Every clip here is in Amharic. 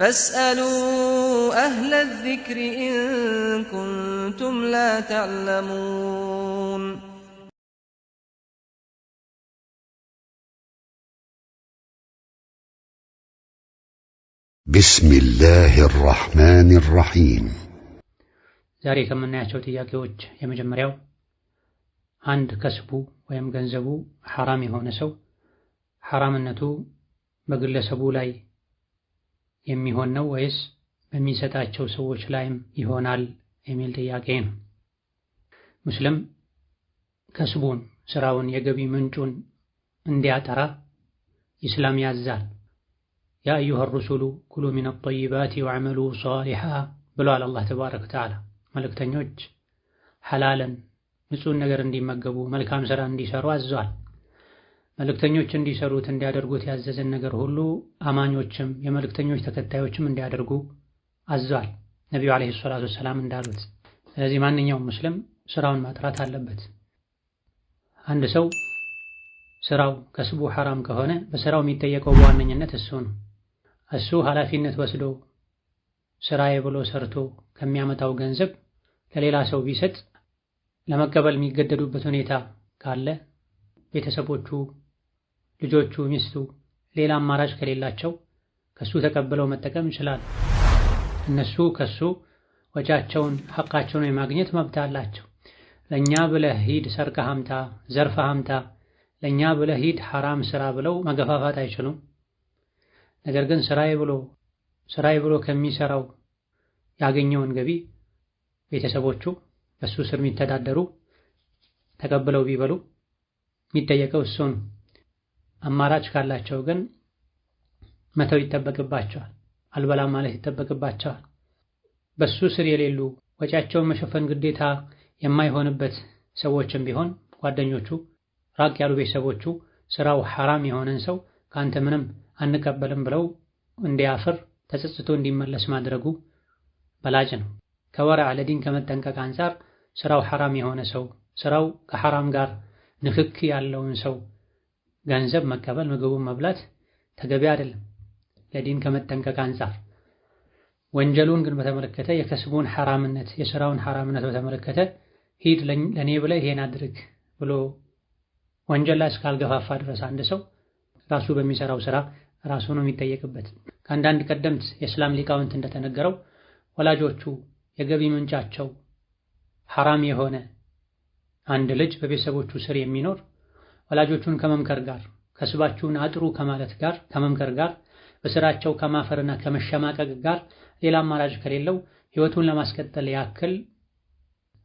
فاسألوا أهل الذكر إن كنتم لا تعلمون بسم الله الرحمن الرحيم ዛሬ ከምናያቸው ጥያቄዎች የመጀመሪያው አንድ ከስቡ ወይም ገንዘቡ ሐራም የሆነ ሰው ሐራምነቱ በግለሰቡ ላይ የሚሆን ነው ወይስ በሚሰጣቸው ሰዎች ላይም ይሆናል የሚል ጥያቄ ነው። ሙስሊም ከስቡን ስራውን የገቢ ምንጩን እንዲያጠራ ኢስላም ያዛል። ያ አዩሃ ሩሱሉ ኩሉ ሚነ ጠይባቲ ወዐመሉ ሷሊሓ ብሏል አላህ ተባረከ ወተዓላ። መልእክተኞች ሐላለን ንጹህን ነገር እንዲመገቡ መልካም ሥራ እንዲሰሩ አዟል። መልእክተኞች እንዲሰሩት እንዲያደርጉት ያዘዘን ነገር ሁሉ አማኞችም የመልእክተኞች ተከታዮችም እንዲያደርጉ አዟል። ነቢዩ ዓለይሂ ሰላቱ ወሰላም እንዳሉት። ስለዚህ ማንኛውም ሙስልም ስራውን ማጥራት አለበት። አንድ ሰው ስራው ከስቡ ሐራም ከሆነ በስራው የሚጠየቀው በዋነኝነት እሱ ነው። እሱ ኃላፊነት ወስዶ ስራዬ ብሎ ሰርቶ ከሚያመጣው ገንዘብ ለሌላ ሰው ቢሰጥ ለመቀበል የሚገደዱበት ሁኔታ ካለ ቤተሰቦቹ ልጆቹ፣ ሚስቱ ሌላ አማራጭ ከሌላቸው ከሱ ተቀብለው መጠቀም ይችላል። እነሱ ከሱ ወጃቸውን ሐቃቸውን የማግኘት መብት አላቸው። ለእኛ ብለህ ሂድ ሰርቀ ሀምታ ዘርፈ ሀምታ ለእኛ ብለህ ሂድ ሐራም ስራ ብለው መገፋፋት አይችሉም። ነገር ግን ስራይ ብሎ ብሎ ከሚሰራው ያገኘውን ገቢ ቤተሰቦቹ በሱ ስር የሚተዳደሩ ተቀብለው ቢበሉ የሚጠየቀው እሱ ነው። አማራጭ ካላቸው ግን መተው ይጠበቅባቸዋል። አልበላም ማለት ይጠበቅባቸዋል። በሱ ስር የሌሉ ወጪያቸውን መሸፈን ግዴታ የማይሆንበት ሰዎችም ቢሆን ጓደኞቹ፣ ራቅ ያሉ ቤተሰቦቹ ስራው ሐራም የሆነን ሰው ከአንተ ምንም አንቀበልም ብለው እንዲያፍር ተጸጽቶ እንዲመለስ ማድረጉ በላጭ ነው። ከወረ አለዲን ከመጠንቀቅ አንጻር ስራው ሐራም የሆነ ሰው ስራው ከሐራም ጋር ንክክ ያለውን ሰው ገንዘብ መቀበል ምግቡን መብላት ተገቢ አይደለም ለዲን ከመጠንቀቅ አንጻር። ወንጀሉን ግን በተመለከተ የከስቡን ሐራምነት የሥራውን ሐራምነት በተመለከተ ሂድ ለእኔ ብለህ ይሄን አድርግ ብሎ ወንጀል ላይ እስካልገፋፋ ድረስ አንድ ሰው ራሱ በሚሰራው ስራ ራሱ ነው የሚጠየቅበት። ከአንዳንድ ቀደምት የእስላም ሊቃውንት እንደተነገረው ወላጆቹ የገቢ ምንጫቸው ሐራም የሆነ አንድ ልጅ በቤተሰቦቹ ስር የሚኖር ወላጆቹን ከመምከር ጋር ከስባችሁን አጥሩ ከማለት ጋር ከመምከር ጋር በስራቸው ከማፈርና ከመሸማቀቅ ጋር ሌላ አማራጭ ከሌለው ህይወቱን ለማስቀጠል ያክል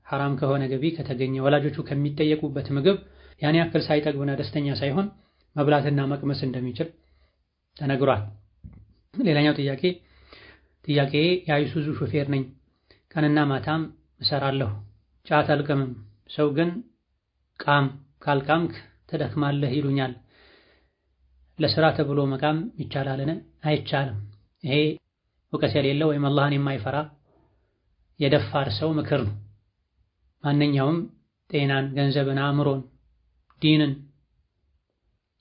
ሐራም ከሆነ ገቢ ከተገኘ ወላጆቹ ከሚጠየቁበት ምግብ ያን ያክል ሳይጠግብና ደስተኛ ሳይሆን መብላትና መቅመስ እንደሚችል ተነግሯል። ሌላኛው ጥያቄ ጥያቄ የአይሱዙ ሹፌር ነኝ። ቀንና ማታም እሰራለሁ። ጫት አልቅምም። ሰው ግን ቃም ካልቃምክ ትደክማለህ ይሉኛል። ለስራ ተብሎ መቃም ይቻላልን? አይቻልም። ይሄ እውቀት የሌለው ወይም አላህን የማይፈራ የደፋር ሰው ምክር ነው። ማንኛውም ጤናን፣ ገንዘብን፣ አእምሮን፣ ዲንን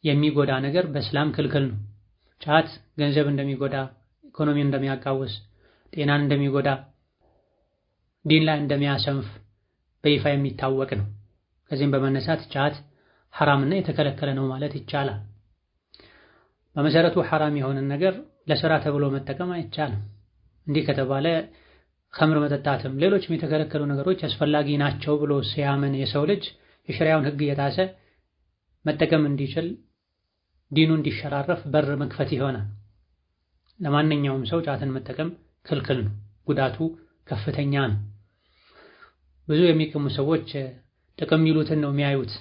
የሚጎዳ ነገር በእስላም ክልክል ነው። ጫት ገንዘብ እንደሚጎዳ፣ ኢኮኖሚ እንደሚያቃውስ፣ ጤናን እንደሚጎዳ፣ ዲን ላይ እንደሚያሰንፍ በይፋ የሚታወቅ ነው። ከዚህም በመነሳት ጫት ሐራምና የተከለከለ ነው ማለት ይቻላል። በመሰረቱ ሐራም የሆነን ነገር ለስራ ተብሎ መጠቀም አይቻልም። እንዲህ ከተባለ ከምር መጠጣትም ሌሎችም የተከለከሉ ነገሮች አስፈላጊ ናቸው ብሎ ሲያምን የሰው ልጅ የሸሪያውን ሕግ እየጣሰ መጠቀም እንዲችል ዲኑ እንዲሸራረፍ በር መክፈት ይሆናል። ለማንኛውም ሰው ጫትን መጠቀም ክልክል ነው። ጉዳቱ ከፍተኛ ነው። ብዙ የሚቅሙ ሰዎች ጥቅም ይሉትን ነው የሚያዩት።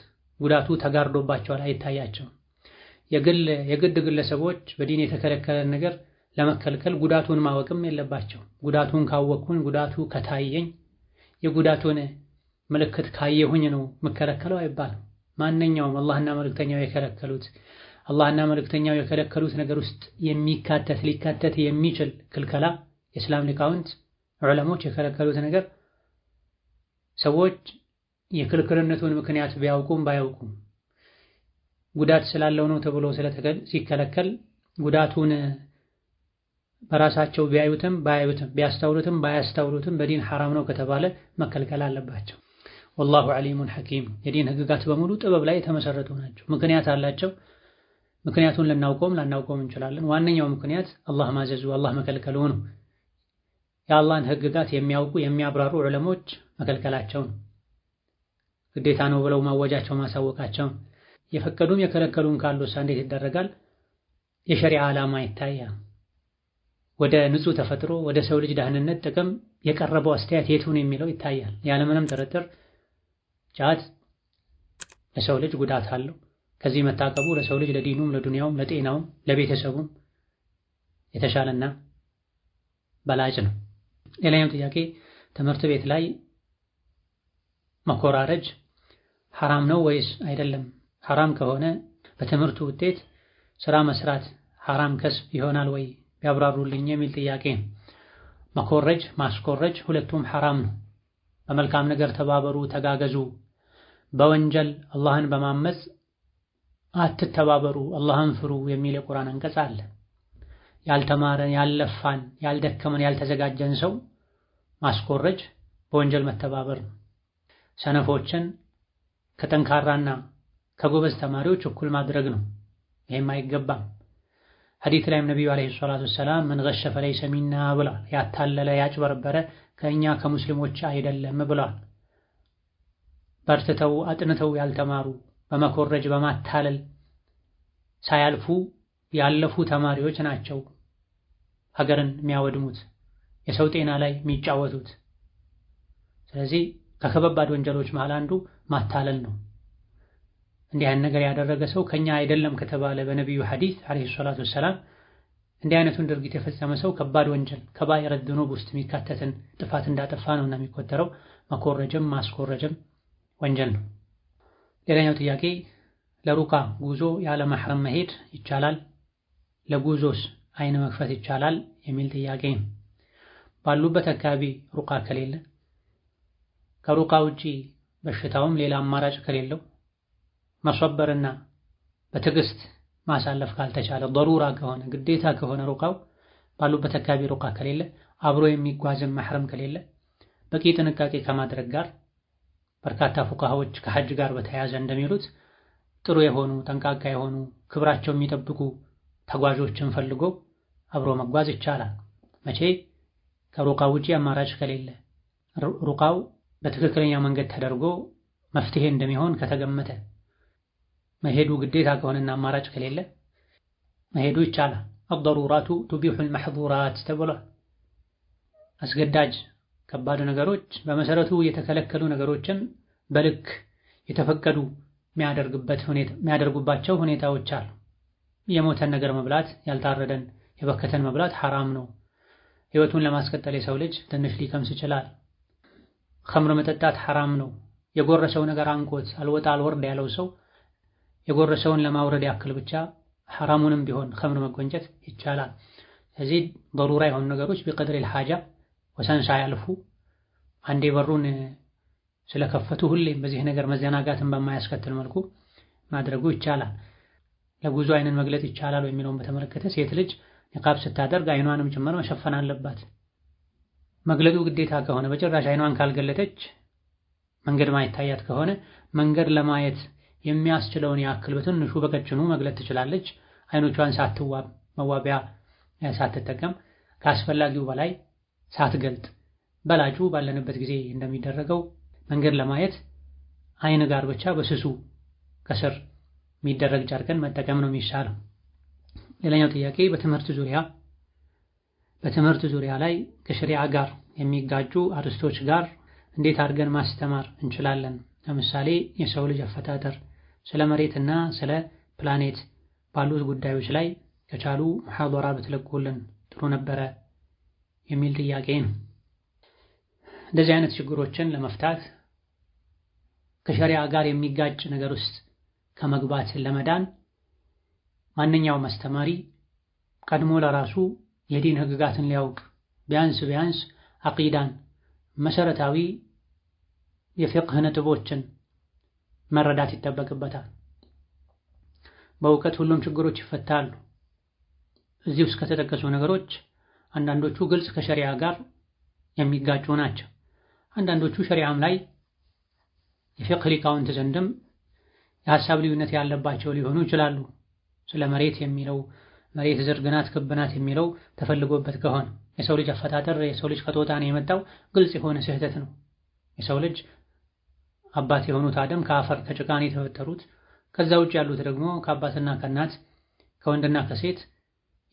ጉዳቱ ተጋርዶባቸዋል፣ አይታያቸውም። የግል የግድ ግለሰቦች በዲን የተከለከለን ነገር ለመከልከል ጉዳቱን ማወቅም የለባቸው። ጉዳቱን ካወቅኩኝ፣ ጉዳቱ ከታየኝ፣ የጉዳቱን ምልክት ካየሁኝ ነው የምከለከለው አይባልም። ማንኛውም አላህና መልእክተኛው የከለከሉት አላህና መልእክተኛው የከለከሉት ነገር ውስጥ የሚካተት ሊካተት የሚችል ክልከላ የእስላም ሊቃውንት ዑለሞች የከለከሉት ነገር ሰዎች የክልክልነቱን ምክንያት ቢያውቁም ባያውቁም ጉዳት ስላለው ነው ተብሎ ሲከለከል ጉዳቱን በራሳቸው ቢያዩትም ባያዩትም ቢያስተውሉትም ባያስተውሉትም በዲን ሐራም ነው ከተባለ መከልከል አለባቸው። ወላሁ አሊሙን ሐኪም። የዲን ህግጋት በሙሉ ጥበብ ላይ የተመሰረቱ ናቸው። ምክንያት አላቸው። ምክንያቱን ልናውቀውም ላናውቀውም እንችላለን። ዋነኛው ምክንያት አላህ ማዘዙ አላህ መከልከሉ ነው። የአላህን ህግጋት የሚያውቁ የሚያብራሩ ዑለሞች መከልከላቸው ነው። ግዴታ ነው ብለው ማወጃቸው ማሳወቃቸው የፈቀዱም የከለከሉም ካሉሳ እንዴት ይደረጋል? የሸሪዓ ዓላማ ይታያ ወደ ንጹህ ተፈጥሮ ወደ ሰው ልጅ ደህንነት ጥቅም የቀረበው አስተያየት የቱን የሚለው ይታያል። ያለምንም ጥርጥር ጫት ለሰው ልጅ ጉዳት አለው። ከዚህ መታቀቡ ለሰው ልጅ ለዲኑም፣ ለዱንያውም፣ ለጤናውም፣ ለቤተሰቡም የተሻለና በላጭ ነው። ሌላኛው ጥያቄ ትምህርት ቤት ላይ መኮራረጅ ሐራም ነው ወይስ አይደለም? ሐራም ከሆነ በትምህርቱ ውጤት ስራ መስራት ሐራም ከስብ ይሆናል ወይ ቢያብራሩልኝ የሚል ጥያቄ መኮረጅ፣ ማስኮረጅ ሁለቱም ሐራም ነው። በመልካም ነገር ተባበሩ፣ ተጋገዙ። በወንጀል አላህን በማመፅ አትተባበሩ፣ አላህን ፍሩ የሚል የቁርአን አንቀጽ አለ። ያልተማረን፣ ያልለፋን፣ ያልደከመን፣ ያልተዘጋጀን ሰው ማስኮረጅ በወንጀል መተባበር ነው። ሰነፎችን ከጠንካራና ከጎበዝ ተማሪዎች እኩል ማድረግ ነው። ይሄም አይገባም። ሐዲት ላይም ነቢዩ ዓለይሂ ሰላቱ ወሰላም ምን ገሸፈ ፈለይሰ ሚና ብሏል። ያታለለ ያጭበረበረ ከእኛ ከሙስሊሞች አይደለም ብሏል። በርትተው አጥንተው ያልተማሩ በመኮረጅ በማታለል ሳያልፉ ያለፉ ተማሪዎች ናቸው ሀገርን የሚያወድሙት የሰው ጤና ላይ የሚጫወቱት። ስለዚህ ከከባድ ወንጀሎች መሃል አንዱ ማታለል ነው። እንዲህ አይነት ነገር ያደረገ ሰው ከኛ አይደለም ከተባለ በነቢዩ ሐዲስ አለይሂ ሰላቱ ወሰላም እንዲህ አይነቱን ድርጊት የፈጸመ ሰው ከባድ ወንጀል ከባይረ ዱኑብ ውስጥ የሚካተትን ጥፋት እንዳጠፋ ነውና የሚቆጠረው መኮረጀም ማስኮረጀም ወንጀል ነው። ሌላኛው ጥያቄ ለሩቃ ጉዞ ያለ ማህረም መሄድ ይቻላል? ለጉዞስ አይን መክፈት ይቻላል? የሚል ጥያቄ ባሉበት አካባቢ ሩቃ ከሌለ ከሩቃ ውጪ በሽታውም ሌላ አማራጭ ከሌለው መሰበርና በትዕግስት ማሳለፍ ካልተቻለ ضرورة ከሆነ ግዴታ ከሆነ ሩቃው ባሉበት አካባቢ ሩቃ ከሌለ አብሮ የሚጓዝም መሕረም ከሌለ በቂ ጥንቃቄ ከማድረግ ጋር በርካታ ፉካሃዎች ከሐጅ ጋር በተያያዘ እንደሚሉት ጥሩ የሆኑ ጠንቃቃ የሆኑ ክብራቸው የሚጠብቁ ተጓዦችን ፈልጎ አብሮ መጓዝ ይቻላል። መቼ ከሩቃ ውጪ አማራጭ ከሌለ ሩቃው በትክክለኛ መንገድ ተደርጎ መፍትሄ እንደሚሆን ከተገመተ መሄዱ ግዴታ ከሆነና አማራጭ ከሌለ መሄዱ ይቻላል። አብደሩራቱ ቱቢሑል መሕዙራት ተብሏል። አስገዳጅ ከባድ ነገሮች በመሰረቱ የተከለከሉ ነገሮችን በልክ የተፈቀዱ የሚያደርጉባቸው ሁኔታዎች አሉ። የሞተን ነገር መብላት፣ ያልታረደን የበከተን መብላት ሐራም ነው። ህይወቱን ለማስቀጠል የሰው ልጅ ትንሽ ሊቀምስ ይችላል። ኸምር መጠጣት ሐራም ነው። የጎረሰው ነገር አንቆት አልወጣ አልወርድ ያለው ሰው የጎረሰውን ለማውረድ ያክል ብቻ ሐራሙንም ቢሆን ኸምር መጎንጨት ይቻላል። ስለዚህ በሩራ የሆኑ ነገሮች ቢቀድር ልሓጃ ወሰን ሳያልፉ አንዴ በሩን ስለከፈቱ ሁሌም በዚህ ነገር መዘናጋትን በማያስከትል መልኩ ማድረጉ ይቻላል። ለጉዞ አይንን መግለጥ ይቻላል የሚለውን በተመለከተ ሴት ልጅ ኒቃብ ስታደርግ አይኗንም ጭምር መሸፈን አለባት። መግለጡ ግዴታ ከሆነ በጭራሽ አይኗን ካልገለጠች መንገድ ማይታያት ከሆነ መንገድ ለማየት የሚያስችለውን ያክል በትንሹ በቀጭኑ መግለጥ ትችላለች። አይኖቿን ሳትዋብ መዋቢያ ሳትጠቀም ከአስፈላጊው በላይ ሳትገልጥ በላጩ ባለንበት ጊዜ እንደሚደረገው መንገድ ለማየት አይን ጋር ብቻ በስሱ ከስር የሚደረግ ጨርቅን መጠቀም ነው የሚሻለው። ሌላኛው ጥያቄ በትምህርት ዙሪያ በትምህርት ዙሪያ ላይ ከሸሪዓ ጋር የሚጋጩ አርስቶች ጋር እንዴት አድርገን ማስተማር እንችላለን? ለምሳሌ የሰው ልጅ አፈጣጠር፣ ስለ መሬትና ስለ ፕላኔት ባሉት ጉዳዮች ላይ ከቻሉ መሐዶራ ብትለቁልን ጥሩ ነበረ የሚል ጥያቄ ነው። እንደዚህ አይነት ችግሮችን ለመፍታት ከሸሪዓ ጋር የሚጋጭ ነገር ውስጥ ከመግባት ለመዳን ማንኛውም አስተማሪ ቀድሞ ለራሱ የዲን ህግጋትን ሊያውቅ ቢያንስ ቢያንስ አቂዳን መሰረታዊ የፊቅህ ነጥቦችን መረዳት ይጠበቅበታል። በእውቀት ሁሉም ችግሮች ይፈታሉ። እዚህ ውስጥ ከተጠቀሱ ነገሮች አንዳንዶቹ ግልጽ ከሸሪያ ጋር የሚጋጩ ናቸው። አንዳንዶቹ ሸሪያም ላይ የፊቅህ ሊቃውንት ዘንድም የሀሳብ ልዩነት ያለባቸው ሊሆኑ ይችላሉ። ስለ መሬት የሚለው መሬት ዝርግናት ክብናት የሚለው ተፈልጎበት ከሆነ የሰው ልጅ አፈጣጠር የሰው ልጅ ከጦጣ ነው የመጣው ግልጽ የሆነ ስህተት ነው። የሰው ልጅ አባት የሆኑት አደም ከአፈር ከጭቃን የተፈጠሩት ከዛ ውጭ ያሉት ደግሞ ከአባትና ከእናት ከወንድና ከሴት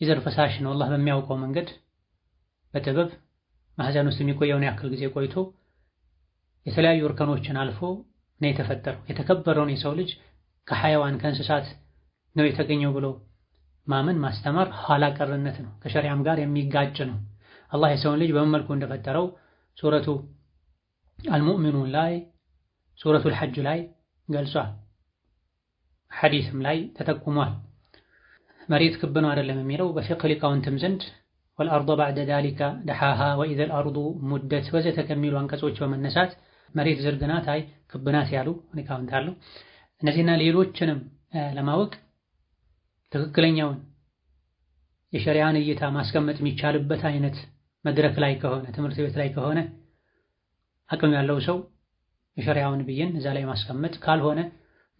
የዘር ፈሳሽ ነው። አላህ በሚያውቀው መንገድ በጥበብ ማህፀን ውስጥ የሚቆየውን ያክል ጊዜ ቆይቶ የተለያዩ እርከኖችን አልፎ ነው የተፈጠረው። የተከበረውን የሰው ልጅ ከሐይዋን ከእንስሳት ነው የተገኘው ብሎ ማመን ማስተማር ኋላ ቀርነት ነው፣ ከሸሪዓም ጋር የሚጋጭ ነው። አላህ የሰውን ልጅ በምን መልኩ እንደፈጠረው ሱረቱ አልሙእሚኑን ላይ ሱረቱል ሐጅ ላይ ገልጿል። ሐዲስም ላይ ተጠቁሟል። መሬት ክብ ነው አይደለም የሚለው በፊቅህ ሊቃውንትም ዘንድ ወልአርዶ ባዕደ ዳሊካ ደሓሃ ወኢዘል አርዱ ሙደት ወዘተ ከሚሉ አንቀጾች በመነሳት መሬት ዝርግናት አይ ክብናት ያሉ ሊቃውንት አሉ። እነዚህና ሌሎችንም ለማወቅ ትክክለኛውን የሸሪዓን እይታ ማስቀመጥ የሚቻልበት አይነት መድረክ ላይ ከሆነ ትምህርት ቤት ላይ ከሆነ አቅም ያለው ሰው የሸሪያውን ብይን እዛ ላይ ማስቀመጥ፣ ካልሆነ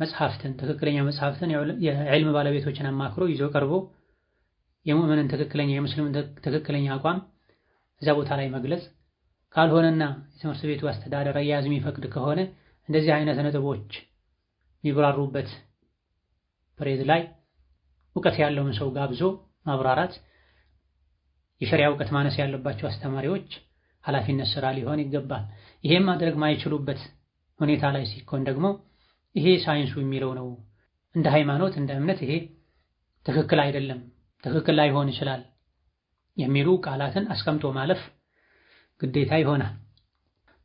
መጽሐፍትን ትክክለኛ መጽሐፍትን የዕልም ባለቤቶችን አማክሮ ይዞ ቀርቦ የሙእምንን ትክክለኛ የሙስሊምን ትክክለኛ አቋም እዛ ቦታ ላይ መግለጽ፣ ካልሆነና የትምህርት ቤቱ አስተዳደር አያያዝ የሚፈቅድ ከሆነ እንደዚህ አይነት ነጥቦች የሚብራሩበት ፕሬዝ ላይ እውቀት ያለውን ሰው ጋብዞ ማብራራት የሸሪያ እውቀት ማነስ ያለባቸው አስተማሪዎች ኃላፊነት ስራ ሊሆን ይገባል። ይሄም ማድረግ ማይችሉበት ሁኔታ ላይ ሲኮን ደግሞ ይሄ ሳይንሱ የሚለው ነው፣ እንደ ሃይማኖት እንደ እምነት ይሄ ትክክል አይደለም፣ ትክክል ላይሆን ይችላል የሚሉ ቃላትን አስቀምጦ ማለፍ ግዴታ ይሆናል።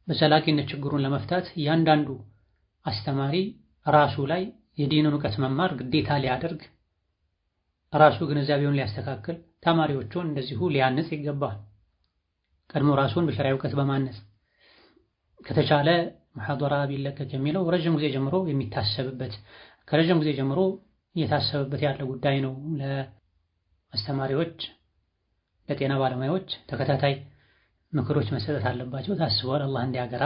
በዘላቂነት ችግሩን ለመፍታት እያንዳንዱ አስተማሪ ራሱ ላይ የዲንን እውቀት መማር ግዴታ ሊያደርግ ራሱ ግንዛቤውን ሊያስተካክል ተማሪዎቹን እንደዚሁ ሊያንጽ ይገባል። ቀድሞ ራሱን በሸሪዓ እውቀት በማነጽ ከተቻለ መሐደራ ቢለቀቅ የሚለው ረጅም ጊዜ ጀምሮ የሚታሰብበት ከረጅም ጊዜ ጀምሮ እየታሰብበት ያለ ጉዳይ ነው። ለአስተማሪዎች፣ ለጤና ባለሙያዎች ተከታታይ ምክሮች መሰጠት አለባቸው። ታስቧል። አላህ እንዲያገራ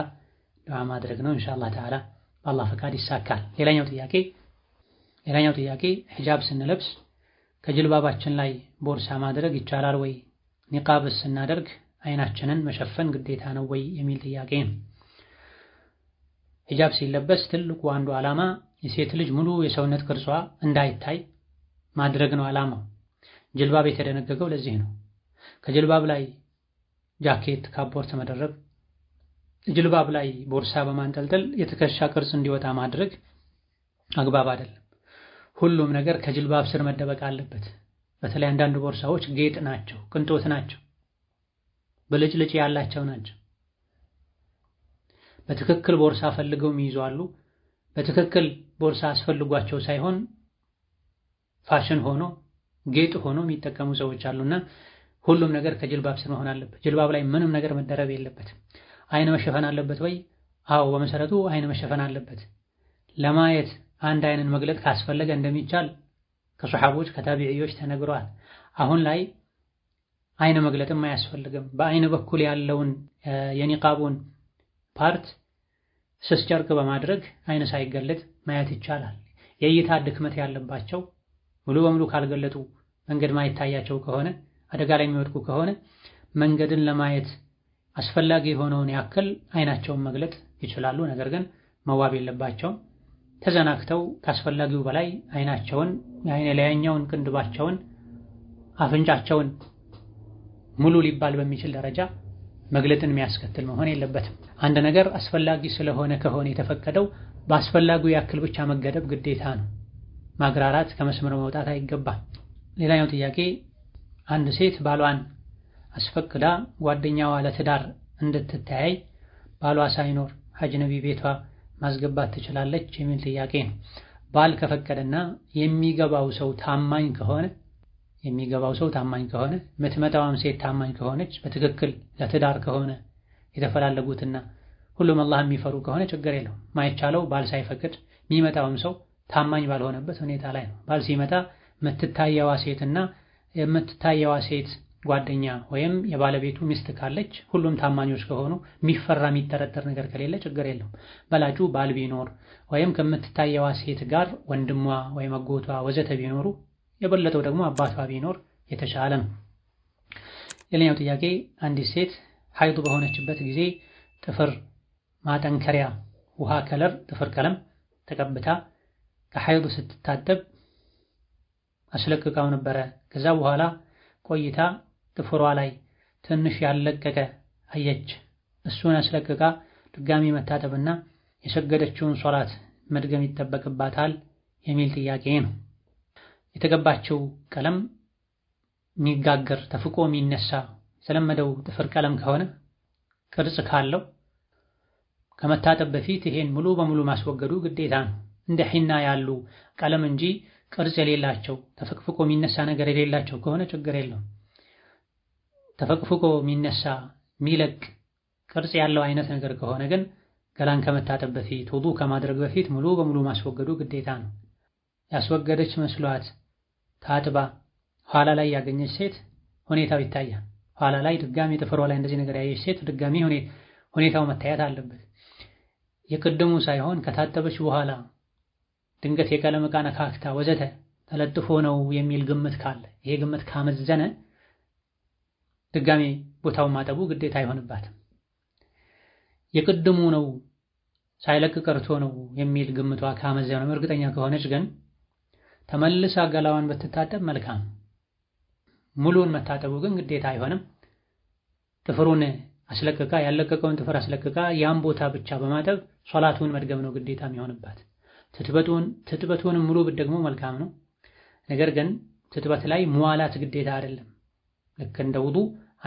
ዱዓ ማድረግ ነው። ኢንሻአላህ ተዓላ በአላህ ፈቃድ ይሳካል። ሌላኛው ጥያቄ ሌላኛው ጥያቄ ሂጃብ ስንለብስ ከጅልባባችን ላይ ቦርሳ ማድረግ ይቻላል ወይ? ኒቃብ ስናደርግ አይናችንን መሸፈን ግዴታ ነው ወይ የሚል ጥያቄ ሂጃብ ሲለበስ ትልቁ አንዱ ዓላማ የሴት ልጅ ሙሉ የሰውነት ቅርጿ እንዳይታይ ማድረግ ነው ዓላማው። ጅልባብ የተደነገገው ለዚህ ነው። ከጅልባብ ላይ ጃኬት፣ ካፖርት መደረግ፣ ጅልባብ ላይ ቦርሳ በማንጠልጠል የትከሻ ቅርጽ እንዲወጣ ማድረግ አግባብ አይደለም። ሁሉም ነገር ከጅልባብ ስር መደበቅ አለበት። በተለይ አንዳንድ ቦርሳዎች ጌጥ ናቸው፣ ቅንጦት ናቸው፣ ብልጭልጭ ያላቸው ናቸው። በትክክል ቦርሳ ፈልገው ይይዛሉ። በትክክል ቦርሳ አስፈልጓቸው ሳይሆን ፋሽን ሆኖ ጌጥ ሆኖ የሚጠቀሙ ሰዎች አሉና ሁሉም ነገር ከጅልባብ ስር መሆን አለበት። ጅልባብ ላይ ምንም ነገር መደረብ የለበትም። አይን መሸፈን አለበት ወይ? አዎ፣ በመሰረቱ አይን መሸፈን አለበት ለማየት አንድ አይንን መግለጥ ካስፈለገ እንደሚቻል ከሰሐቦች ከታቢዕዮች ተነግሯል። አሁን ላይ አይን መግለጥም አያስፈልግም። በአይን በኩል ያለውን የኒቃቡን ፓርት ስስ ጨርቅ በማድረግ አይን ሳይገለጥ ማየት ይቻላል። የእይታ ድክመት ያለባቸው ሙሉ በሙሉ ካልገለጡ መንገድ ማይታያቸው ከሆነ አደጋ ላይ የሚወድቁ ከሆነ መንገድን ለማየት አስፈላጊ የሆነውን ያክል አይናቸውን መግለጥ ይችላሉ። ነገር ግን መዋብ የለባቸውም። ተዘናግተው ካስፈላጊው በላይ አይናቸውን የአይን ላይኛውን ቅንድባቸውን አፍንጫቸውን ሙሉ ሊባል በሚችል ደረጃ መግለጥን የሚያስከትል መሆን የለበትም። አንድ ነገር አስፈላጊ ስለሆነ ከሆነ የተፈቀደው በአስፈላጊው ያክል ብቻ መገደብ ግዴታ ነው። ማግራራት፣ ከመስመር መውጣት አይገባም። ሌላኛው ጥያቄ አንድ ሴት ባሏን አስፈቅዳ ጓደኛዋ ለትዳር እንድትተያይ ባሏ ሳይኖር ሀጅ ነቢ ቤቷ ማስገባት ትችላለች የሚል ጥያቄ ነው። ባል ከፈቀደና የሚገባው ሰው ታማኝ ከሆነ የሚገባው ሰው ታማኝ ከሆነ የምትመጣዋም ሴት ታማኝ ከሆነች በትክክል ለትዳር ከሆነ የተፈላለጉትና ሁሉም አላህ የሚፈሩ ከሆነ ችግር የለውም። ማይቻለው ባል ሳይፈቅድ የሚመጣውም ሰው ታማኝ ባልሆነበት ሁኔታ ላይ ነው። ባል ሲመጣ የምትታየዋ ሴትና የምትታየዋ ሴት ጓደኛ ወይም የባለቤቱ ሚስት ካለች ሁሉም ታማኞች ከሆኑ የሚፈራ የሚጠረጠር ነገር ከሌለ ችግር የለውም። በላጩ ባል ቢኖር ወይም ከምትታየዋ ሴት ጋር ወንድሟ ወይም አጎቷ ወዘተ ቢኖሩ የበለጠው ደግሞ አባቷ ቢኖር የተሻለ ነው። ሌላኛው ጥያቄ አንዲት ሴት ሀይዱ በሆነችበት ጊዜ ጥፍር ማጠንከሪያ ውሃ ከለር ጥፍር ቀለም ተቀብታ ከሀይዱ ስትታጠብ አስለቅቃው ነበረ ከዛ በኋላ ቆይታ ጥፍሯ ላይ ትንሽ ያለቀቀ አየች። እሱን አስለቅቃ ድጋሚ መታጠብና የሰገደችውን ሶላት መድገም ይጠበቅባታል የሚል ጥያቄ ነው። የተገባችው ቀለም የሚጋገር ተፍቆ የሚነሳ የተለመደው ጥፍር ቀለም ከሆነ ቅርጽ ካለው ከመታጠብ በፊት ይሄን ሙሉ በሙሉ ማስወገዱ ግዴታ ነው። እንደ ሒና ያሉ ቀለም እንጂ ቅርጽ የሌላቸው ተፈቅፍቆ የሚነሳ ነገር የሌላቸው ከሆነ ችግር የለውም። ተፈቅፍቆ የሚነሳ የሚለቅ ቅርጽ ያለው አይነት ነገር ከሆነ ግን ገላን ከመታጠብ በፊት ውዱእ ከማድረግ በፊት ሙሉ በሙሉ ማስወገዱ ግዴታ ነው። ያስወገደች መስሏት ታጥባ ኋላ ላይ ያገኘች ሴት ሁኔታው ይታያል። ኋላ ላይ ድጋሚ ጥፍሯ ላይ እንደዚህ ነገር ያየች ሴት ድጋሚ ሁኔታው መታየት አለበት። የቅድሙ ሳይሆን ከታጠበች በኋላ ድንገት የቀለም ዕቃ ነካክታ ወዘተ ተለጥፎ ነው የሚል ግምት ካለ ይሄ ግምት ካመዘነ ድጋሚ ቦታውን ማጠቡ ግዴታ አይሆንባትም። የቅድሙ ነው ሳይለቅ ቀርቶ ነው የሚል ግምቷ ካመዘነው እርግጠኛ ከሆነች ግን ተመልሳ ገላዋን ብትታጠብ መልካም። ሙሉውን መታጠቡ ግን ግዴታ አይሆንም። ጥፍሩን አስለቅቃ ያለቀቀውን ጥፍር አስለቅቃ ያን ቦታ ብቻ በማጠብ ሶላቱን መድገም ነው ግዴታ የሚሆንባት። ትጥበቱንም ሙሉ ደግሞ መልካም ነው። ነገር ግን ትጥበት ላይ መዋላት ግዴታ አይደለም። ልክ እንደ ውዱ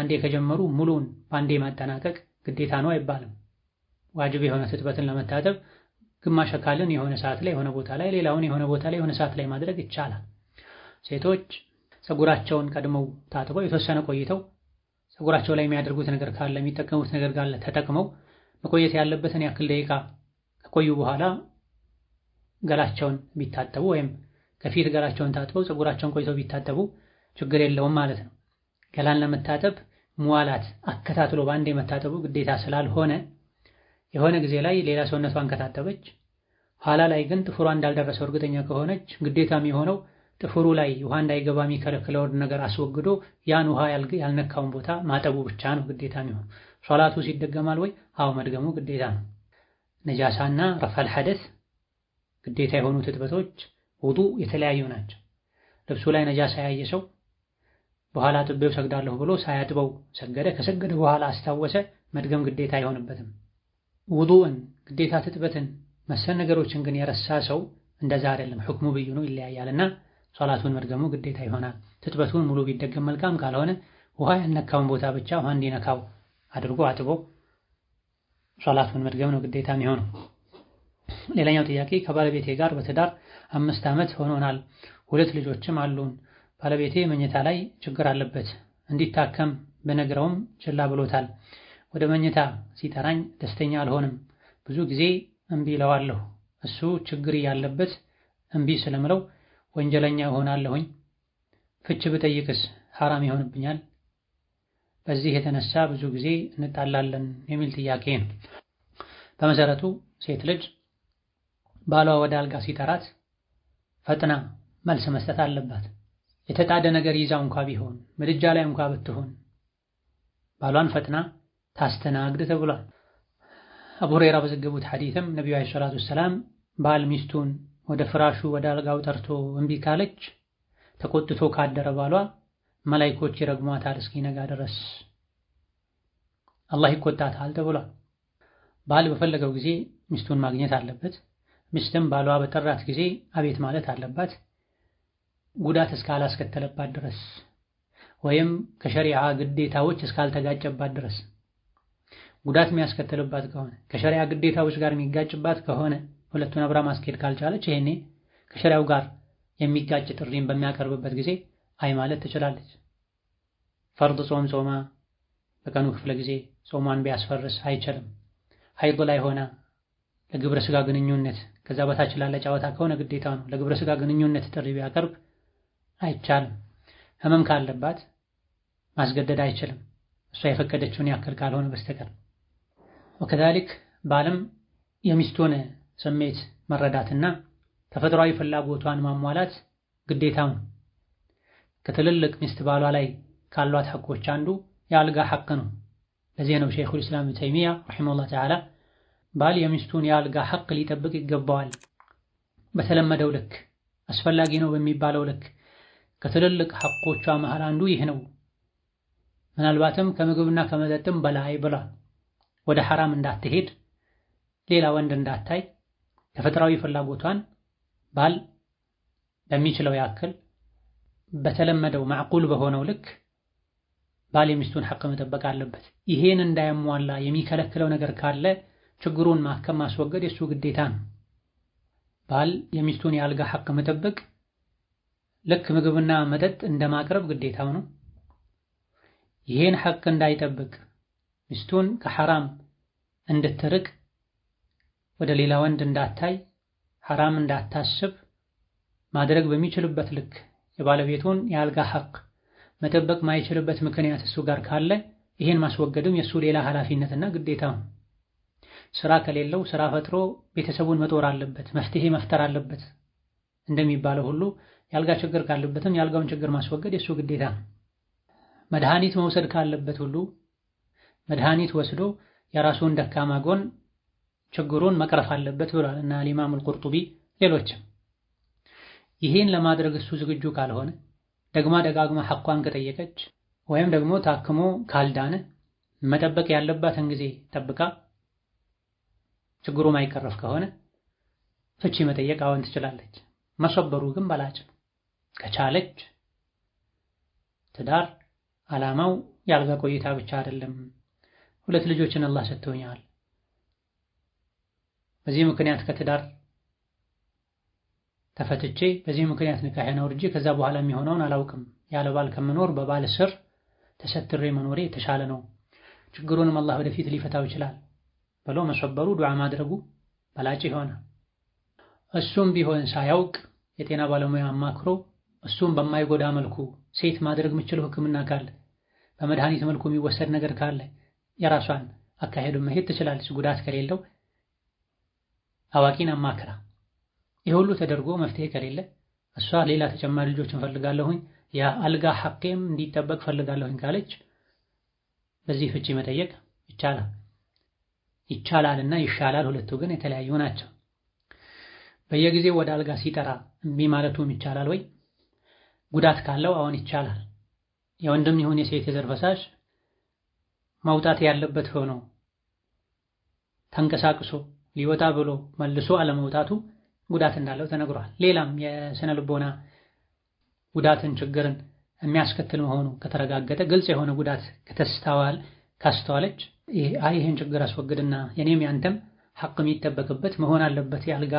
አንዴ ከጀመሩ ሙሉን በአንዴ ማጠናቀቅ ግዴታ ነው አይባልም። ዋጅብ የሆነ ስጥበትን ለመታጠብ ግማሽ አካልን የሆነ ሰዓት ላይ የሆነ ቦታ ላይ፣ ሌላውን የሆነ ቦታ ላይ የሆነ ሰዓት ላይ ማድረግ ይቻላል። ሴቶች ፀጉራቸውን ቀድመው ታጥበው የተወሰነ ቆይተው ፀጉራቸው ላይ የሚያደርጉት ነገር ካለ የሚጠቀሙት ነገር ካለ ተጠቅመው መቆየት ያለበትን ያክል ደቂቃ ከቆዩ በኋላ ገላቸውን ቢታጠቡ ወይም ከፊት ገላቸውን ታጥበው ፀጉራቸውን ቆይተው ቢታጠቡ ችግር የለውም ማለት ነው። ገላን ለመታጠብ ሙዋላት አከታትሎ በአንዴ መታጠቡ ግዴታ ስላልሆነ የሆነ ጊዜ ላይ ሌላ ሰውነቷን ከታጠበች ኋላ ላይ ግን ጥፍሯ እንዳልደረሰው እርግጠኛ ከሆነች ግዴታ የሚሆነው ጥፍሩ ላይ ውሃ እንዳይገባ የሚከለክለውን ነገር አስወግዶ ያን ውሃ ያልነካውን ቦታ ማጠቡ ብቻ ነው ግዴታ የሚሆነው። ሶላቱ ይደገማል ወይ? አዎ መድገሙ ግዴታ ነው። ነጃሳና ረፈል ሐደስ ግዴታ የሆኑት እጥበቶች ውጡ የተለያዩ ናቸው። ልብሱ ላይ ነጃሳ ያየ ሰው በኋላ አጥቤው ሰግዳለሁ ብሎ ሳያጥበው ሰገደ። ከሰገደ በኋላ አስታወሰ፣ መድገም ግዴታ አይሆንበትም። ውዱእን ግዴታ ትጥበትን መሰል ነገሮችን ግን የረሳ ሰው እንደዛ አይደለም፣ ሕክሙ ብዩ ነው ይለያያልና ሶላቱን መድገሙ ግዴታ ይሆናል። ትጥበቱን ሙሉ ቢደገም መልካም፣ ካልሆነ ውሃ ያነካውን ቦታ ብቻ ውሃ እንዲነካው አድርጎ አጥቦ ሶላቱን መድገም ነው ግዴታ የሚሆነው። ሌላኛው ጥያቄ ከባለቤቴ ጋር በትዳር አምስት ዓመት ሆኖናል። ሁለት ልጆችም አሉን። ባለቤቴ መኝታ ላይ ችግር አለበት እንዲታከም ብነግረውም ችላ ብሎታል። ወደ መኝታ ሲጠራኝ ደስተኛ አልሆንም። ብዙ ጊዜ እምቢ እለዋለሁ። እሱ ችግር ያለበት እምቢ ስለምለው ወንጀለኛ እሆናለሁኝ። ፍች ብጠይቅስ ሐራም ይሆንብኛል? በዚህ የተነሳ ብዙ ጊዜ እንጣላለን የሚል ጥያቄ ነው። በመሰረቱ ሴት ልጅ ባሏ ወደ አልጋ ሲጠራት ፈጥና መልስ መስጠት አለባት። የተጣደ ነገር ይዛ እንኳ ቢሆን ምድጃ ላይ እንኳ ብትሆን ባሏን ፈጥና ታስተናግድ ተብሏል። አቡ ሁረይራ በዘገቡት ሐዲትም ነቢዩ ዓለይሂ ሰላቱ ወሰላም ባል ሚስቱን ወደ ፍራሹ ወደ አልጋው ጠርቶ እምቢ ካለች ተቆጥቶ ካደረ ባሏ መላይኮች ይረግሟታል እስኪነጋ ድረስ አላህ ይቆጣታል ተብሏል። ባል በፈለገው ጊዜ ሚስቱን ማግኘት አለበት። ሚስትም ባሏ በጠራት ጊዜ አቤት ማለት አለባት። ጉዳት እስካላስከተለባት ድረስ ወይም ከሸሪዓ ግዴታዎች እስካልተጋጨባት ድረስ ጉዳት የሚያስከትልባት ከሆነ ከሸሪዓ ግዴታዎች ጋር የሚጋጭባት ከሆነ ሁለቱን አብራ ማስኬድ ካልቻለች ይሄኔ ከሸሪያው ጋር የሚጋጭ ጥሪን በሚያቀርብበት ጊዜ አይ ማለት ትችላለች። ፈርድ ጾም ጾማ በቀኑ ክፍለ ጊዜ ጾሟን ቢያስፈርስ አይችልም። ሀይድ ላይ ሆና ለግብረ ስጋ ግንኙነት ከዛ በታች ላለ ጨዋታ ከሆነ ግዴታ ነው። ለግብረ ስጋ ግንኙነት ጥሪ ቢያቀርብ አይቻልም። ህመም ካለባት ማስገደድ አይችልም፣ እሷ የፈቀደችውን ያክል ካልሆነ በስተቀር ወከዛሊክ ባልም የሚስቱን ስሜት መረዳትና ተፈጥሯዊ ፍላጎቷን ማሟላት ግዴታው ነው። ከትልልቅ ሚስት ባሏ ላይ ካሏት ሐቆች አንዱ የአልጋ ሐቅ ነው። ለዚህ ነው ሸይኹል ኢስላም ኢብኑ ተይሚያ ረሒመሁላህ ተዓላ ባል የሚስቱን የአልጋ ሐቅ ሊጠብቅ ይገባዋል። በተለመደው ልክ አስፈላጊ ነው በሚባለው ልክ ከትልልቅ ሐቆቿ መሃል አንዱ ይህ ነው። ምናልባትም ከምግብና ከመጠጥም በላይ ብላ ወደ ሐራም እንዳትሄድ፣ ሌላ ወንድ እንዳታይ፣ ተፈጥሯዊ ፍላጎቷን ባል በሚችለው ያክል በተለመደው ማዕቁል በሆነው ልክ ባል የሚስቱን ሐቅ መጠበቅ አለበት። ይሄን እንዳያሟላ የሚከለክለው ነገር ካለ ችግሩን ማከም ማስወገድ የሱ ግዴታ ነው። ባል የሚስቱን የአልጋ ሐቅ መጠበቅ ልክ ምግብና መጠጥ እንደማቅረብ ግዴታው ነው። ይሄን ሐቅ እንዳይጠብቅ ሚስቱን ከሐራም እንድትርቅ ወደ ሌላ ወንድ እንዳታይ ሐራም እንዳታስብ ማድረግ በሚችልበት ልክ የባለቤቱን የአልጋ ሐቅ መጠበቅ ማይችልበት ምክንያት እሱ ጋር ካለ ይሄን ማስወገድም የእሱ ሌላ ኃላፊነትና ግዴታ ነው። ስራ ከሌለው ስራ ፈጥሮ ቤተሰቡን መጦር አለበት፣ መፍትሄ መፍጠር አለበት እንደሚባለው ሁሉ የአልጋ ችግር ካለበትም የአልጋውን ችግር ማስወገድ የእሱ ግዴታ ነው። መድኃኒት መውሰድ ካለበት ሁሉ መድኃኒት ወስዶ የራሱን ደካማ ጎን ችግሩን መቅረፍ አለበት ብሏል እና አልኢማም አልቁርጡቢ ሌሎችም። ይህን ለማድረግ እሱ ዝግጁ ካልሆነ ደግማ ደጋግማ ሐኳን ከጠየቀች ወይም ደግሞ ታክሞ ካልዳነ መጠበቅ ያለባትን ጊዜ ጠብቃ ችግሩ ማይቀረፍ ከሆነ ፍቺ መጠየቅ አዎን ትችላለች። መሰበሩ ግን በላጭ ከቻለች ትዳር ዓላማው የአልጋ ቆይታ ብቻ አይደለም። ሁለት ልጆችን አላህ ሰጥቶኛል። በዚህ ምክንያት ከትዳር ተፈትቼ በዚህ ምክንያት ንካሄን አውርጄ ከዛ በኋላ የሚሆነውን አላውቅም። ያለ ባል ከመኖር በባል ስር ተሰትሬ መኖሬ የተሻለ ነው። ችግሩንም አላህ ወደፊት ሊፈታው ይችላል ብሎ መሰበሩ፣ ዱዓ ማድረጉ በላጭ ይሆናል። እሱም ቢሆን ሳያውቅ የጤና ባለሙያ አማክሮ እሱም በማይጎዳ መልኩ ሴት ማድረግ የምችለው ህክምና ካለ በመድኃኒት መልኩ የሚወሰድ ነገር ካለ የራሷን አካሄዱ መሄድ ትችላለች። ጉዳት ከሌለው አዋቂን አማክራ ይህ ሁሉ ተደርጎ መፍትሄ ከሌለ እሷ ሌላ ተጨማሪ ልጆች እንፈልጋለሁኝ የአልጋ ሐቄም እንዲጠበቅ ፈልጋለሁኝ ካለች በዚህ ፍቺ መጠየቅ ይቻላል። እና ይሻላል ሁለቱ ግን የተለያዩ ናቸው። በየጊዜው ወደ አልጋ ሲጠራ እምቢ ማለቱም ይቻላል ወይ? ጉዳት ካለው አሁን ይቻላል። የወንድም ይሁን የሴት የዘር ፈሳሽ መውጣት ያለበት ሆኖ ተንቀሳቅሶ ሊወጣ ብሎ መልሶ አለመውጣቱ ጉዳት እንዳለው ተነግሯል። ሌላም የስነ ልቦና ጉዳትን ችግርን የሚያስከትል መሆኑ ከተረጋገጠ ግልጽ የሆነ ጉዳት ከተስተዋል ካስተዋለች አይ ይህን ችግር አስወግድና የኔም ያንተም ሐቅ የሚጠበቅበት መሆን አለበት የአልጋ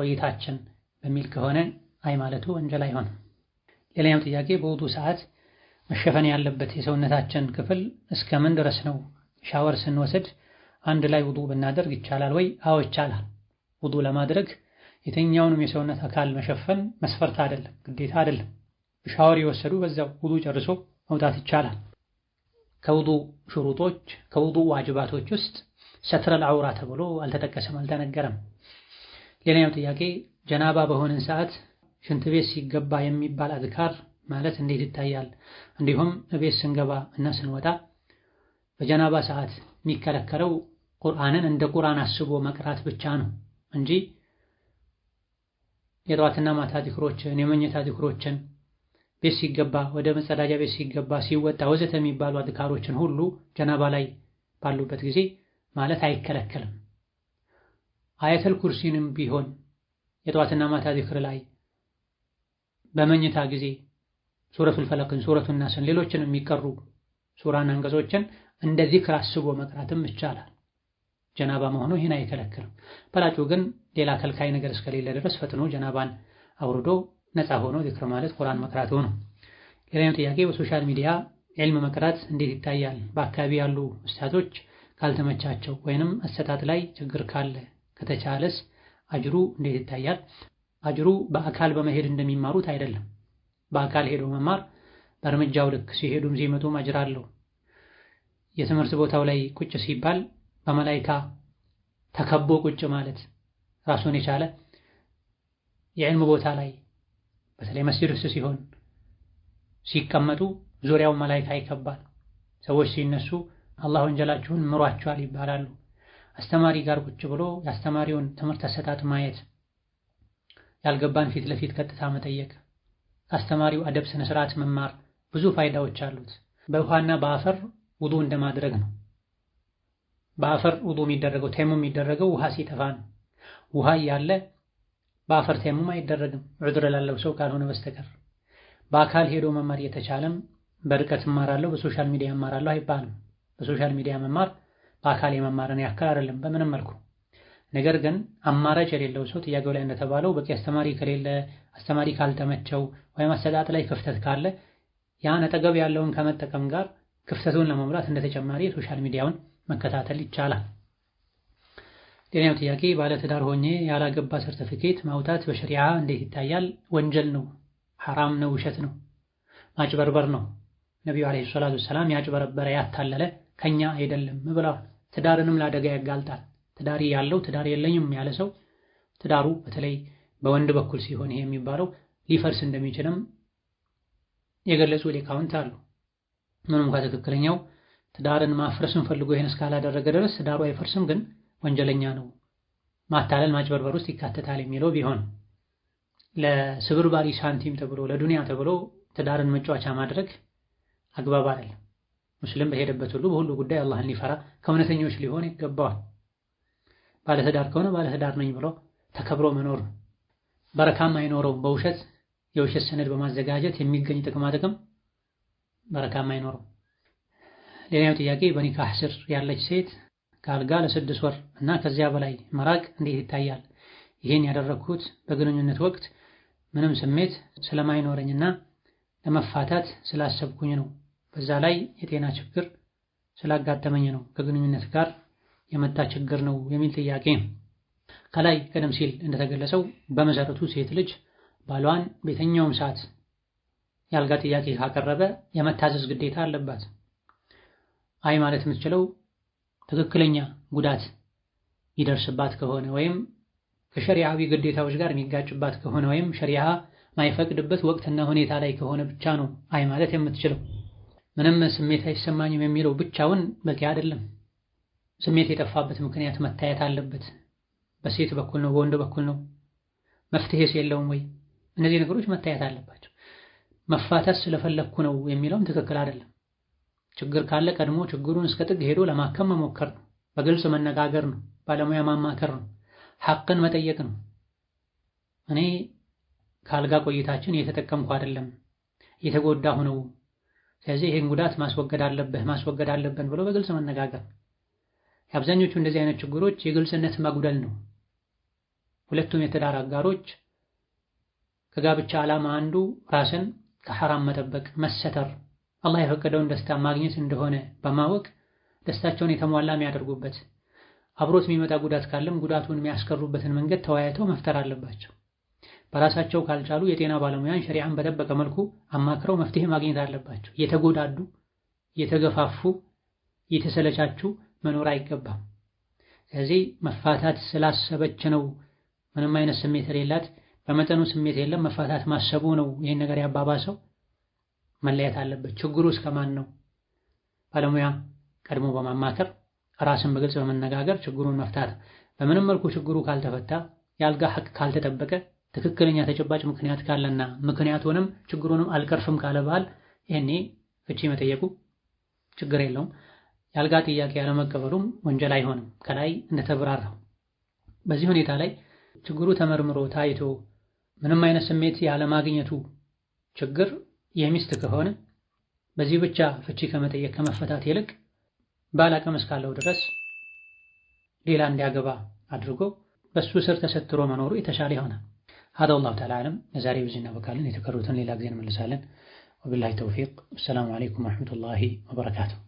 ቆይታችን በሚል ከሆነ አይ ማለቱ ወንጀል አይሆንም። ሌላኛው ጥያቄ በውጡ ሰዓት መሸፈን ያለበት የሰውነታችን ክፍል እስከምን ድረስ ነው? ሻወር ስንወስድ አንድ ላይ ውጡ ብናደርግ ይቻላል ወይ? አዎ ይቻላል። ውጡ ለማድረግ የትኛውንም የሰውነት አካል መሸፈን መስፈርት አይደለም፣ ግዴታ አይደለም። ሻወር የወሰዱ በዛው ውጡ ጨርሶ መውጣት ይቻላል። ከውጡ ሽሩጦች፣ ከውጡ ዋጅባቶች ውስጥ ሰትረል አውራ ተብሎ አልተጠቀሰም፣ አልተነገረም። ሌላኛው ጥያቄ ጀናባ በሆነን ሰዓት ሽንት ቤት ሲገባ የሚባል አዝካር ማለት እንዴት ይታያል? እንዲሁም እቤት ስንገባ እና ስንወጣ በጀናባ ሰዓት የሚከለከለው ቁርአንን እንደ ቁርአን አስቦ መቅራት ብቻ ነው እንጂ የጠዋትና ማታ ዚክሮችን፣ የመኘታ ዚክሮችን፣ ቤት ሲገባ፣ ወደ መጸዳጃ ቤት ሲገባ፣ ሲወጣ ወዘተ የሚባሉ አዝካሮችን ሁሉ ጀናባ ላይ ባሉበት ጊዜ ማለት አይከለከልም። አያተል ኩርሲንም ቢሆን የጠዋትና ማታ ዚክር ላይ በመኝታ ጊዜ ሱረቱል ፈለቅን፣ ሱረቱን ናስን፣ ሌሎችን የሚቀሩ ሱራን አንቀጾችን እንደ ዚክር አስቦ መቅራትም ይቻላል። ጀናባ መሆኑ ይህን አይከለክልም። በላጩ ግን ሌላ ከልካይ ነገር እስከሌለ ድረስ ፈጥኖ ጀናባን አውርዶ ነፃ ሆኖ ዚክር ማለት ቁርአን መቅራት ሆኖ። ሌላኛው ጥያቄ በሶሻል ሚዲያ ዕልም መቅራት እንዴት ይታያል? በአካባቢ ያሉ ኡስታዞች ካልተመቻቸው ወይንም አሰጣጥ ላይ ችግር ካለ ከተቻለስ አጅሩ እንዴት ይታያል? አጅሩ በአካል በመሄድ እንደሚማሩት አይደለም። በአካል ሄዶ መማር በእርምጃው ልክ ሲሄዱም ሲመጡም አጅር አለው። የትምህርት ቦታው ላይ ቁጭ ሲባል በመላይካ ተከቦ ቁጭ ማለት ራሱን የቻለ የዕልም ቦታ ላይ በተለይ መስጂድ ውስጥ ሲሆን ሲቀመጡ ዙሪያው መላይካ ይከባል። ሰዎች ሲነሱ አላህ ወንጀላችሁን ምሯቸዋል ይባላሉ። አስተማሪ ጋር ቁጭ ብሎ የአስተማሪውን ትምህርት አሰጣጥ ማየት ያልገባን ፊት ለፊት ቀጥታ መጠየቅ፣ ከአስተማሪው አደብ ስነ ስርዓት መማር ብዙ ፋይዳዎች አሉት። በውሃና በአፈር ውዱ እንደማድረግ ነው። በአፈር ውዱ የሚደረገው ተይሙም የሚደረገው ውሃ ሲጠፋ ነው። ውሃ እያለ በአፈር ተይሙም አይደረግም ዑድር ላለው ሰው ካልሆነ በስተቀር። በአካል ሄዶ መማር እየተቻለም በርቀት እማራለሁ በሶሻል ሚዲያ እማራለሁ አይባልም። በሶሻል ሚዲያ መማር በአካል የመማርን ያክል አይደለም በምንም መልኩ። ነገር ግን አማራጭ የሌለው ሰው ጥያቄው ላይ እንደተባለው በቂ አስተማሪ ከሌለ አስተማሪ ካልተመቸው ወይም አሰጣጥ ላይ ክፍተት ካለ ያን አጠገብ ያለውን ከመጠቀም ጋር ክፍተቱን ለመሙላት እንደተጨማሪ ሶሻል ሚዲያውን መከታተል ይቻላል። ሌላኛው ጥያቄ ባለትዳር ሆኜ ያላገባ ሰርተፊኬት ማውጣት በሸሪዓ እንዴት ይታያል? ወንጀል ነው፣ ሐራም ነው፣ ውሸት ነው፣ ማጭበርበር ነው። ነቢዩ ዓለይሂ ሰላቱ ወሰላም ያጭበረበረ ያታለለ ከኛ አይደለም ብለዋል። ትዳርንም ለአደጋ ያጋልጣል። ትዳር ያለው ትዳር የለኝም ያለ ሰው ትዳሩ በተለይ በወንድ በኩል ሲሆን ይሄ የሚባለው ሊፈርስ እንደሚችልም የገለጹ ሊቃውንት አሉ። ምንም እንኳ ትክክለኛው ትዳርን ማፍረስን ፈልጎ ይህን እስካላደረገ ድረስ ትዳሩ አይፈርስም፣ ግን ወንጀለኛ ነው፣ ማታለል ማጭበርበር ውስጥ ይካተታል የሚለው ቢሆን ለስብርባሪ ሳንቲም ተብሎ ለዱንያ ተብሎ ትዳርን መጫወቻ ማድረግ አግባብ አይደለም። ሙስሊም በሄደበት ሁሉ በሁሉ ጉዳይ አላህን ሊፈራ ከእውነተኞች ሊሆን ይገባዋል። ባለትዳር ከሆነ ባለትዳር ነኝ ብሎ ተከብሮ መኖር ነው። በረካም አይኖረውም። በውሸት የውሸት ሰነድ በማዘጋጀት የሚገኝ ጥቅማ ጥቅም በረካም አይኖረውም። ሌላኛው ጥያቄ በኒካህ ስር ያለች ሴት ከአልጋ ለስድስት ወር እና ከዚያ በላይ መራቅ እንዴት ይታያል? ይህን ያደረግኩት በግንኙነት ወቅት ምንም ስሜት ስለማይኖረኝና ለመፋታት ስላሰብኩኝ ነው። በዛ ላይ የጤና ችግር ስላጋጠመኝ ነው። ከግንኙነት ጋር የመጣ ችግር ነው የሚል ጥያቄ ነው። ከላይ ቀደም ሲል እንደተገለጸው በመሰረቱ ሴት ልጅ ባሏን በየትኛውም ሰዓት የአልጋ ጥያቄ ካቀረበ የመታዘዝ ግዴታ አለባት። አይ ማለት የምትችለው ትክክለኛ ጉዳት ይደርስባት ከሆነ ወይም ከሸሪዓዊ ግዴታዎች ጋር የሚጋጭባት ከሆነ ወይም ሸሪዓ ማይፈቅድበት ወቅትና ሁኔታ ላይ ከሆነ ብቻ ነው አይ ማለት የምትችለው። ምንም ስሜት አይሰማኝም የሚለው ብቻውን በቂ አይደለም። ስሜት የጠፋበት ምክንያት መታየት አለበት። በሴት በኩል ነው፣ በወንድ በኩል ነው፣ መፍትሄስ የለውም ወይ? እነዚህ ነገሮች መታየት አለባቸው። መፋታት ስለፈለግኩ ነው የሚለውም ትክክል አይደለም። ችግር ካለ ቀድሞ ችግሩን እስከ ጥግ ሄዶ ለማከም መሞከር ነው። በግልጽ መነጋገር ነው። ባለሙያ ማማከር ነው። ሐቅን መጠየቅ ነው። እኔ ከአልጋ ቆይታችን እየተጠቀምኩ አይደለም እየተጎዳሁ ነው። ስለዚህ ይህን ጉዳት ማስወገድ አለብህ ማስወገድ አለብን ብሎ በግልጽ መነጋገር የአብዛኞቹ እንደዚህ አይነት ችግሮች የግልጽነት መጉደል ነው። ሁለቱም የትዳር አጋሮች ከጋብቻ ዓላማ አንዱ ራስን ከሐራም መጠበቅ፣ መሰተር፣ አላህ የፈቀደውን ደስታ ማግኘት እንደሆነ በማወቅ ደስታቸውን የተሟላ የሚያደርጉበት አብሮት የሚመጣ ጉዳት ካለም ጉዳቱን የሚያስቀሩበትን መንገድ ተወያይተው መፍጠር አለባቸው። በራሳቸው ካልቻሉ የጤና ባለሙያን ሸሪዓን በጠበቀ መልኩ አማክረው መፍትሄ ማግኘት አለባቸው። የተጎዳዱ የተገፋፉ የተሰለቻቹ መኖር አይገባም። ስለዚህ መፋታት ስላሰበች ነው ምንም አይነት ስሜት የሌላት በመጠኑ ስሜት የለም መፋታት ማሰቡ ነው ይህን ነገር ያባባሰው መለየት አለበት። ችግሩ እስከ ማን ነው? ባለሙያ ቀድሞ በማማከር ራስን በግልጽ በመነጋገር ችግሩን መፍታት። በምንም መልኩ ችግሩ ካልተፈታ የአልጋ ሐቅ ካልተጠበቀ ትክክለኛ ተጨባጭ ምክንያት ካለና ምክንያቱንም ችግሩንም አልቀርፍም ካለ በኋላ ይህኔ ፍቺ መጠየቁ ችግር የለውም። የአልጋ ጥያቄ ያለመቀበሉም ወንጀል አይሆንም ከላይ እንደተብራራው። በዚህ ሁኔታ ላይ ችግሩ ተመርምሮ ታይቶ ምንም አይነት ስሜት ያለማግኘቱ ችግር የሚስት ከሆነ በዚህ ብቻ ፍቺ ከመጠየቅ ከመፈታት ይልቅ ባል አቅም እስካለው ድረስ ሌላ እንዲያገባ አድርጎ በሱ ስር ተሰትሮ መኖሩ የተሻለ ይሆናል። هذا والله تعالى أعلم ለዛሬ በዚህ እናበቃለን። የተቀሩትን ሌላ ጊዜ እንመልሳለን። وبالله التوفيق والسلام عليكم ورحمة الله وبركاته